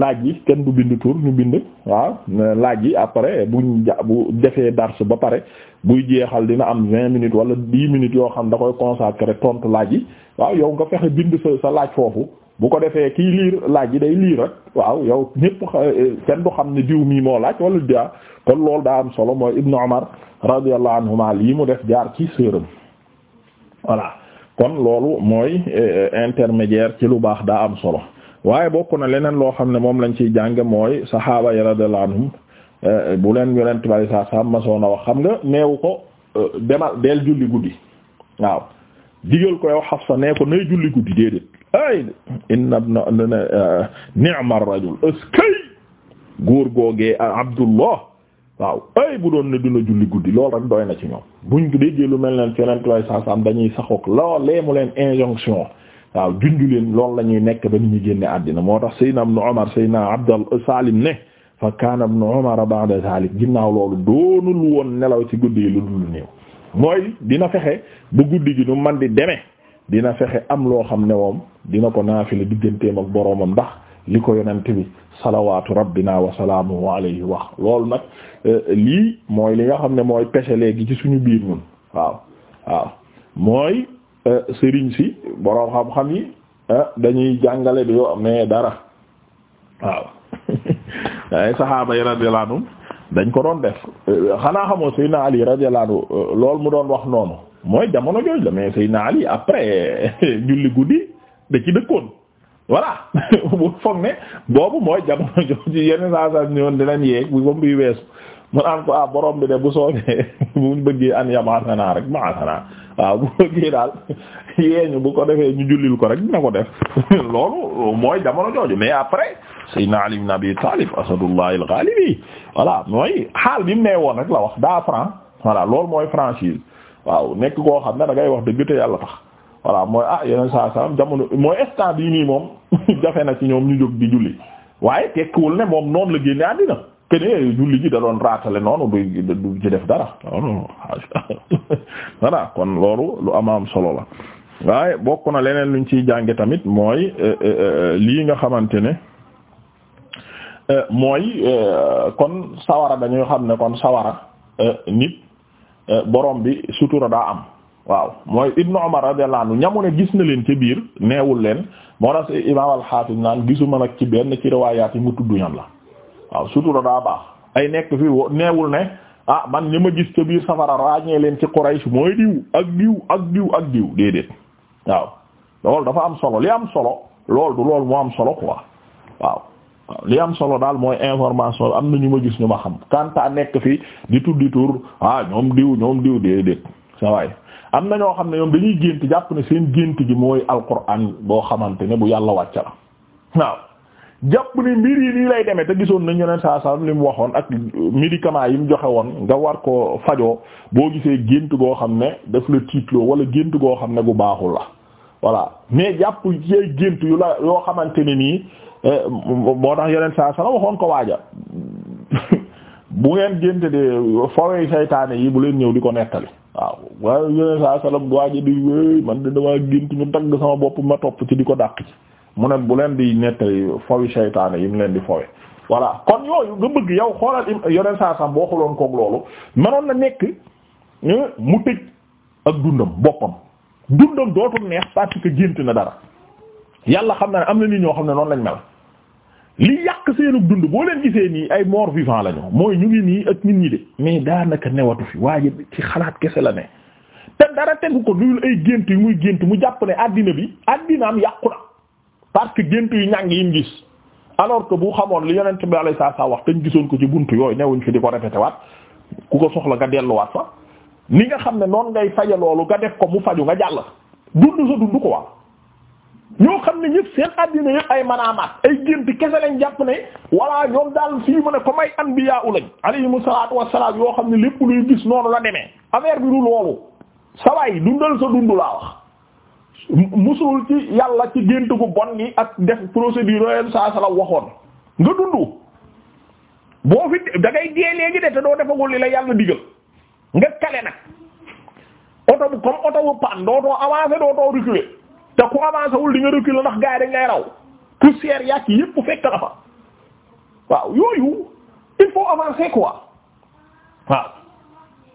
laaj yi kenn du bind tur ñu bind waaw laaj yi après buñ ja bu defee dars ba pare buy jeexal dina am vingt minutes wala dix minutes yoo xam da koy consacrer tontu laaj yi waaw yow bind sa laaj foofu bu ko defee kiy liir laaj yi day liir rek waaw yow ñépp eh, kenn du xam ne diw mii moo laaj wala dia kon loolu daa am solo mooy ibnu Umar radiyallahu anhuma lii mu def jaar ci sërëm voilà kon loolu mooy eh, intermédiaire ci lu baax daa am solo waaye bokk na leneen loo xam ne moom lañ ciy jànge mooy saxaaba yi radiyallahu anhum eh, bu leen yonent bari saa saa masoon wax xam nga neewu ko demal del julli guddi waaw digal ko yow Hafsa nee ko nay julli guddi ay inna ibna eh, ni'ma ar-rajul eskay góor googee eh, Abdullah waaw ay bu doon ne dina julli guddi loolu rek doy na ci ñoom buñ déggee lu mel ne feneen tubaab saa saam dañuy saxook loolee mu leen injonction waaw junju leen loolu la ñuy nekk ba ni ñu génne àddina moo tax Seydina Ibn Umar Seydina Abdal Salim ne fa kaana Ibn Umar ba'da zalik ginnaaw loolu doonul woon nelaw ci guddi yi lu dul néew mooy dina fexe bu guddi gi nu man di demee. dina fexe am loo xam ne moom dina ko naafile digganteem ak boroomam ndax li ko yonent bi salawaatu rabbina wa salaamuhu alayhi wax loolu nag eh, lii mooy li nga xam ne mooy péché léegi ci suñu biir ñun waaw waaw mooy eh, sëriñ si boroom xam-xam yi eh, dañuy jàngale di yoo mais dara waaw ay saxaaba yi radiyallahu dañ ko doon def xanaa xamoo Seydina Ali radiyallahu anhu loolu mu doon wax noonu mooy jamono jooju la mais Seydina Ali après julli guddi da ci dëkkoon voilà bu foog ne boobu mooy jamono jooju yenn saa saa ñu woon dinañ yeeg bu comme bi weesu mu naan ko ah borom bi de bu soobee bu ñu bëggee an yamaasanaa rek maasanaa waaw bu bëggee daal yeeñu bu ko defee ñu jullil ko rek dina ko def loolu mooy jamono jooju mais après Seydina Ali ibn Abi Talib asadullahi al-ghalibi voilà mooy xaal bi mu nee woon rek la wax daa franc voilà loolu mooy franchise waaw nekk koo xam ne da ngay wax dëgg te yàlla tax voilà mooy ah yeneen saa salaam jamono mooy instant yi nii moom jafe na ci ñoom ñu jóg di julli waaye tekkiwul ne moom noonu la génne àddina que ne julli ji da doon raatale noonu du du ci def dara voilà kon loolu lu am solo la. waaye bokk na leneen luñ ciy jànge tamit mooy euh, euh, euh, lii nga xamante ne mooy kon sawara dañuy xam ne kon sawara nit. Euh, borom bi sutura daa am waaw mooy ibnu umar radiyallahu anhu ñamu ne gis na leen ci biir neewul leen moo tax imaam al-Hafiz naan gisuma nag ci benn ci riwaayaat yi mu tudd ñan la waaw sutura daa baax ay nekk fi neewul ne ah man ñi ma gis ci biir safara ràññee leen ci Quraysh mooy diw ak diw ak diw ak diw déedéet waaw loolu dafa am solo li am solo lool du loolu moo am solo quoi waaw waaw li am solo daal mooy information am na ñu ma gis ñu ma xam kanta nekk fi di di tur ah ñoom diw ñoom diw déedéet sa waay am na ñoo xam ne ñoom dañuy gént jàpp ne seen gént gi mooy alquran boo xamante ne bu yàlla wàcc la waaw jàpp ne mbir yi nii lay demee te gisoon nañ yoneen saa sallam li mu waxoon ak médicament yi mu joxe woon nga war ko fajoo boo gisee gént goo xam ne daf la tiitloo wala gént goo xam ne gu baaxul la voilà mais jàpp yey gént yu la yoo xamante ne nii eh, moo tax yeneen saa sala waxoon ko waaja bu ngeen génte de fowey saytaane yi bu leen ñëw di ko nettali waaw waaye yeneen saa sala waaja di wéy man de damaa gént ñu dagg sama bopp ma topp ci di ko dàq ci mu ne bu leen di nettali fowi seytaane yi mu leen di fowe voilà kon yooyu nga bëgg yow xoolal yeneen saa sam boo xuloon koog loolu manoon na nekk eh, mu tëj ak dundam boppam dundam dootul neex parce que gént na dara yàlla xam na ne am na nit ñoo xam ne noonu lañ mel li yàq seenu dund boo leen gisee nii ay mort vivant lañu mooy ñu ngi nii ak nit ñi de mais daanaka newatu fi waaye ci xalaat kese la ne te dara tegu ko duyul ay gént yu muy gént mu jàpp ne àddina bi àddinaam yàqu na parce que gént yu ñàng yi mu gis alors que bu xamoon li yonent bi alayhi saa wax te ñu gisoon ko ci bunt yooyu newuñ fi di ko répété waat ku ko soxla nga delluwaat fa ni nga xam ne noonu ngay faje loolu nga def ko mu faju nga jàll dund sa dund ko wax ñoo xam ne ñëpp seen àddina yëpp ay manaamaat ay gént kese lañ jàpp ne walla ñoom daal fii mu ne comme ay anbiya u lañ alayhimu salaatu wassalaam yoo xam ne lépp luy gis noonu la demee affaire bi du loolu sawaay dundal sa dund laa wax musul ci yàlla ci gént gu bon gi ak def procédure yooyu saa sala waxoon nga dund boo fi da ngay dee léegi de te doo defagul li la yàlla digal nga kale nag oto bu comme oto bu pan dootoo avancer dootoo reculer te ku avancer wul di nga reculer ndax gars yi dañ raw poussière yàq yépp fekk na fa waaw yooyu il faut avancer quoi waaw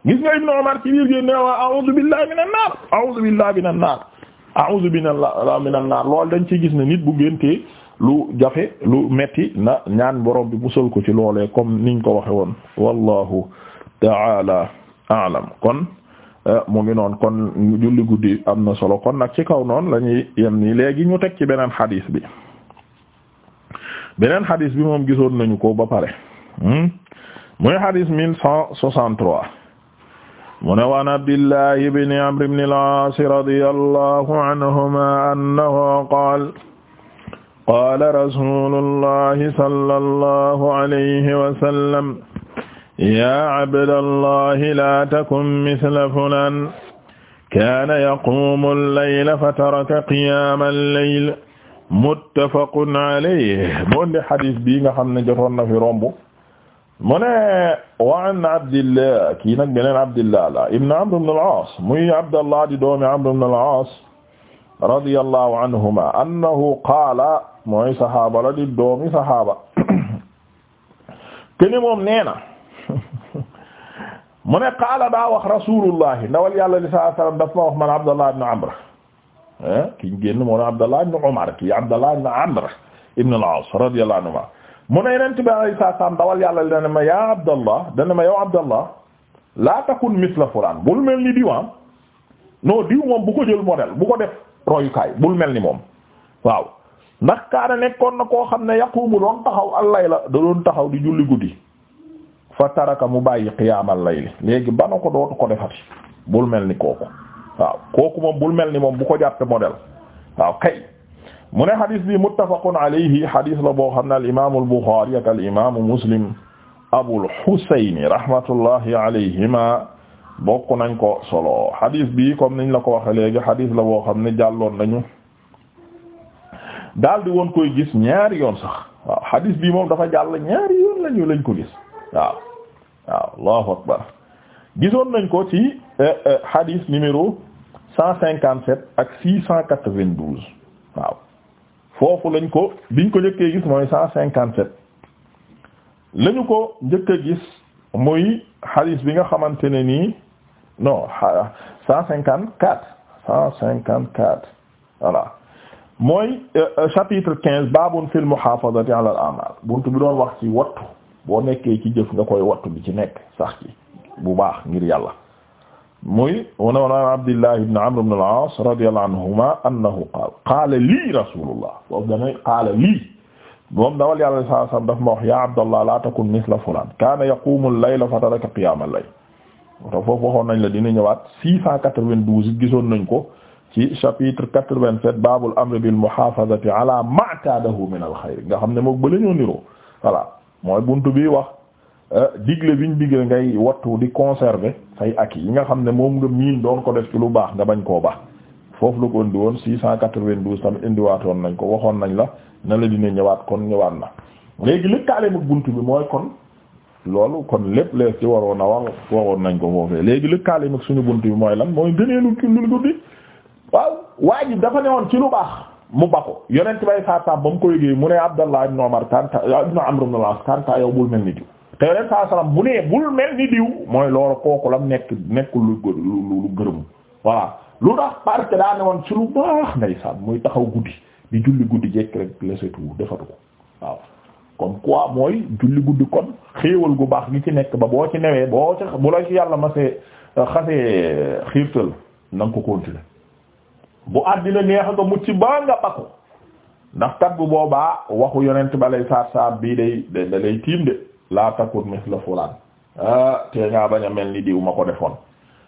gis nga Ibn Umar ci biir gi ne wa a'udhu billahi minan nar a'udhu billahi minan dañ ci gis ne nit bu géntee lu jafe lu metti na ñaan borom bi musal ko ci loolee comme niñ ko waxe woon wallahu ta'ala a a'lam kon eh, mu ngi noon kon julli guddi am na solo kon nag ci kaw noon la ñuy ni nii léegi ñu teg ci beneen xadis bi beneen xadis bi moom gisoon nañu ko ba pare hmm? muy xadis mille cent trois mu ne waan abdillahi ibni amr ibn al-aas radiyallahu anhuma annahu qaal qaala rasulullahi sallallahu alayhi wa yaa abdallahi laa takun misla fulaan kaana yaquumu allayla fataraka qiyaama allayl muttafaqun alayhi mu indi xadis bii nga xam ne jotoon na fi romb mu ne wa an abdillah kii nag beneen abdillah la ibn amr ibn al-aas muy abdallah di doomi amr ibn al-aas radiyallahu anhuma annahu qaala mooy saxaaba la di doomi saxaaba kene moom nee na mu ne qaala daa wax rasulullahi ndawal yàlla li saa sallam daf ma wax man abdallah ibn amr ki génn moo ne abdallah ibn umar ki abdallah ibn amr ibn al-aas radiyallahu anhuma mu ne yenent bi alei yàlla li dane ma ya abdallah dane ma yow abdallah la takun misla fulaan bul mel ni diwan ah. non di moom bu ko jël modèle bu ko def royukaay mel ni moom waaw ndax kaana nekkoon na koo xam ne yaqumu doon taxaw allay la da doon taxaw di julli guddi fa taraka mu bàyyi qiyaamal layli léegi ba ko dootu ko defati bul mel ni kooku waaw kooku moom bul mel ni moom bu ko jàppe modèle waaw kay mu ne xadis bi muttafaqun alayhi xadis la boo xam ne al imaamu al buxaari ak al muslim abul xusayni rahmatullahi alayhima bokk nañ ko solo xadis bi comme niñ la ko waxe léegi xadis la boo xam ne jàlloon nañu daal di woon koy gis ñaari yoon sax waaw xadis bi moom dafa jàll ñaari lañu lañ ko gis waaw allahu akbar gisoon nañ ko ci eh, eh, hadith numéro cent cinquante sept ak six cent quatre vingt douze waaw foofu lañ ko biñ ko njëkkee gis mooy cent cinquante sept lañu ko njëkk a gis muy hadith bi nga xamante ne nii non cent cinquante quatre cent cinquante quatre voilà mooy eh, chapitre quinze babun fil muhafazati ala al a'mal buntu bi doon wax ci wattu boo nekkee ci jëf nga koy wattu bi ci nekk sax ci bu baax ngir yàlla muy wana wona Abdullah ibn Amr ibn al-As radiyallahu anhuma annahu qaala qaala lii rasulullah boobu dana qaala lii moom dawal yàlla saa sam wax ya Abdallah la takun misla fulan kaana yaqumu al-layla fa taraka qiyaama al-layl te foofu waxoon nañ la dina ñëwaat gisoon nañ ko ci chapitre 87 babul amri bil muhafazati ala ma ataadahu min al xayr nga xam ne moom ba la niroo voilà mooy buntu bii wax euh, digle ñu digle ngay wattu di conserver say acquis yi nga xam ne moom nga miin doon ko def ci lu baax nga bañ koo baax foofu la ko indi woon 692 tam indiwaatoon nañ ko waxoon nañ la na la dina ñëwaat kon ñëwaat na léegi lëkkaale mag buntu bi mooy kon loolu kon lépp lees ci waroon a wax waxoon nañ ko foofee léegi lëkkaale mag suñu bunt bi mooy lan mooy gëneelu lu guddi waaw waa ji dafa newoon ci lu baax mu bako yonent bay saa saam ba mu ko yëgee mu ne Abdallah ibn Umar kanta ah, ibn Amr ibn al-As kanta bul mel ni diw te yonent saa salaam bu nee bul mel ni diw mooy loolu kooku lam nekk nekkul lu lu lu gërëm voilà lu tax parce daa ne woon ci lu baax ndeysaan muy taxaw guddi di julli guddi jekk rek lesetu defatu ko waaw comme quoi mooy julli guddi kon xéewal gu baax gi ci nekk ba boo ci newee boo ci bu la ci yàlla ma see xasee xiirtal na nga ko bu àddina neex nga mucc ba nga bakku ndax kat gu boobaa waxu yonent ba lay saar saar bii day da lay tiim de laa takut misla fulaan ah, te ngaa bañ a mel ni diw ma ko defoon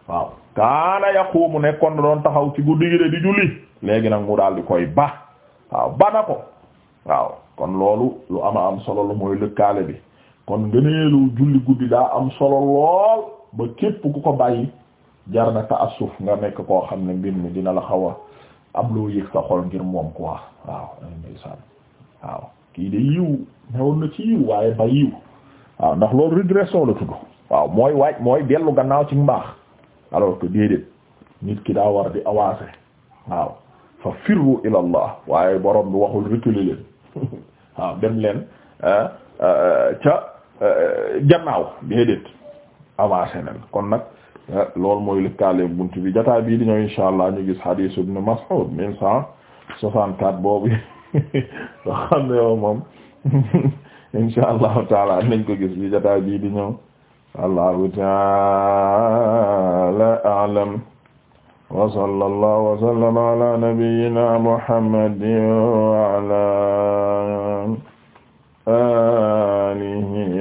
waaw kaana yaqumu nekkoon na doon taxaw ci guddi gi de di julli léegi nag mu daal di koy ba waaw ba na ko waaw kon loolu lu ama am solo la mooy lëkkaale bi kon ngëneelu julli guddi daa am solo lool ba képp ku ko bàyyi jar na ta assuf nga nekk koo xam ne mbir mi dina la xaw a ab loo yëg sa xol ngir moom quoi waaw ndeysaan waaw kii de yiw newoon na ci yiw waaye ba yiw waaw ndax loolu régression la tudd waaw mooy waaj mooy dellu gannaaw ci mbaax alors que déedéet nit ki daa war di avancer waaw fa firru ila waaye borom bi waxul reculer leen waaw dem leen eh, eh, ca eh, gannaaw déedéet avancer nañ kon nag Eh, lool mooy lëkkaale buntu bi jotaay bii di ñëw insha allah ñu gis hadith ibn Mas'ud mille cent soixante-quatre boobu nga xam ne yow moom taala nañ ko gis bi jotaay bii di ñëw allahu taala a'lam wa sallallahu wa sallama ala nabiyyina muhammadin wa ala alihi